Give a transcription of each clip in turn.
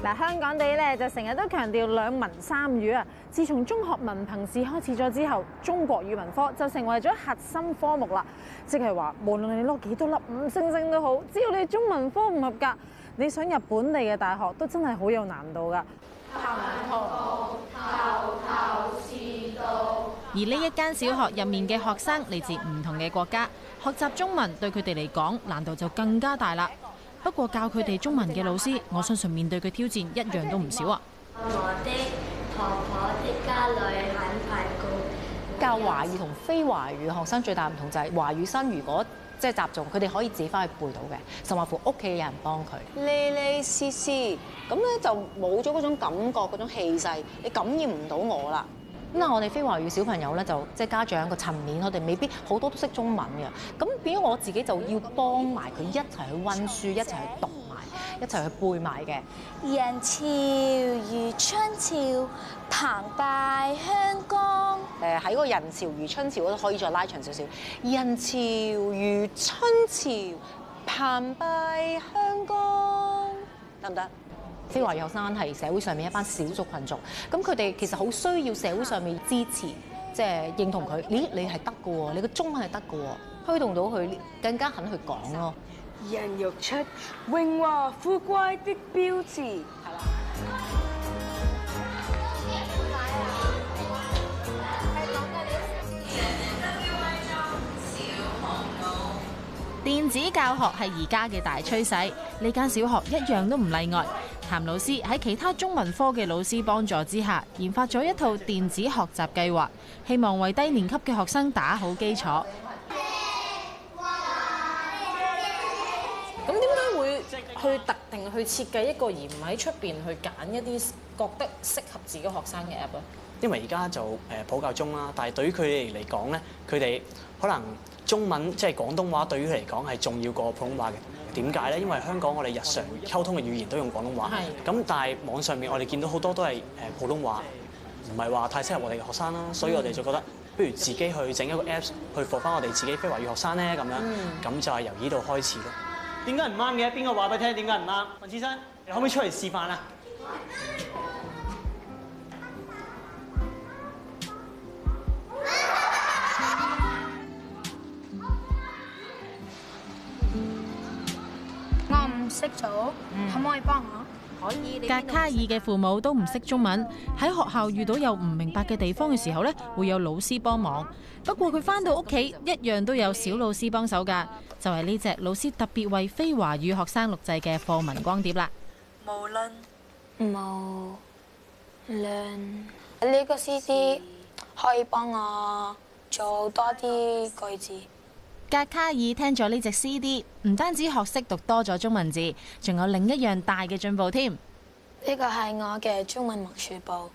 嗱，香港地咧就成日都強調兩文三語啊！自從中學文憑試開始咗之後，中國語文科就成為咗核心科目啦。即係話，無論你攞幾多粒五星星都好，只要你中文科唔合格，你想入本地嘅大學都真係好有難度㗎。而呢一間小學入面嘅學生嚟自唔同嘅國家，學習中文對佢哋嚟講難度就更加大啦。不過教佢哋中文嘅老師，我相信面對嘅挑戰一樣都唔少啊！我的婆婆啲家裏很快過。教華語同非華語學生最大唔同就係華語生，如果即係集中，佢哋可以自己返去背到嘅，甚或乎屋企有人幫佢。呢呢思思咁咧，就冇咗嗰種感覺，嗰種氣勢，你感染唔到我啦。咁啊，我哋非華語小朋友咧，就即係家長個層面，我哋未必好多都識中文嘅，咁變咗我自己就要幫埋佢一齊去温書，一齊去讀埋，一齊去背埋嘅。人潮如春潮，澎湃香江。誒，喺嗰人潮如春潮嗰度可以再拉長少少。人潮如春潮，澎湃香江，得唔得？非華語生係社會上面一班少數族群，咁佢哋其實好需要社會上面支持，即係認同佢。咦，你係得嘅喎，你嘅中文係得嘅喎，推動到佢更加肯去講咯。電子教學係而家嘅大趨勢，呢間小學一樣都唔例外。譚老師喺其他中文科嘅老師幫助之下，研發咗一套電子學習計劃，希望為低年級嘅學生打好基礎。咁點解會去特定去設計一個，而唔喺出面去揀一啲覺得適合自己學生嘅 app 呢？因為而家就誒普教中啦，但係對於佢哋嚟講咧，佢哋可能中文即係廣東話對於佢嚟講係重要過普通話嘅。點解咧？因為香港我哋日常溝通嘅語言都用廣東話，咁的但係網上面我哋見到好多都係誒普通話，唔係話太適合我哋嘅學生啦，所以我哋就覺得不如自己去整一個 Apps 去教翻我哋自己非華語學生咧，咁樣咁、嗯、就係由呢度開始咯。點解唔啱嘅？邊個話俾你聽？點解唔啱？文先生，你可唔可以出嚟示範啊？識做，了嗯、可唔可以幫我？可以。格卡爾嘅父母都唔識中文，喺學校遇到有唔明白嘅地方嘅時候呢會有老師幫忙。不過佢返到屋企，一樣都有小老師幫手噶。就係呢隻老師特別為非華語學生錄製嘅課文光碟啦。無論論，無論論，呢個詩詩可以幫我做多啲句子。格卡爾聽咗呢隻 CD，唔單止學識讀多咗中文字，仲有另一樣大嘅進步添。呢個係我嘅中文默書簿，誒、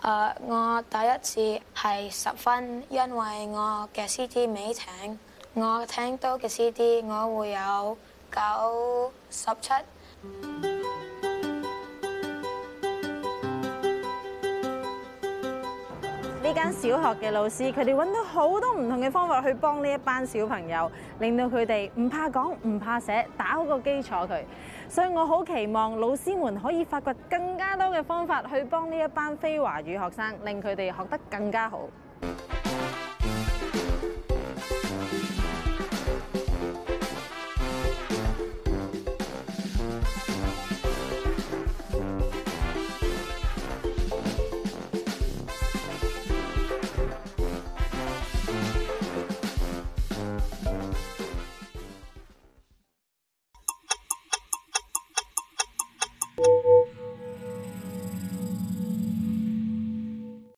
uh，我第一次係十分，因為我嘅 CD 未聽，我聽到嘅 CD，我會有九十七。呢間小學嘅老師，佢哋揾到好多唔同嘅方法去幫呢一班小朋友，令到佢哋唔怕講、唔怕寫，打好個基礎佢。所以我好期望老師們可以發掘更加多嘅方法去幫呢一班非華語學生，令佢哋學得更加好。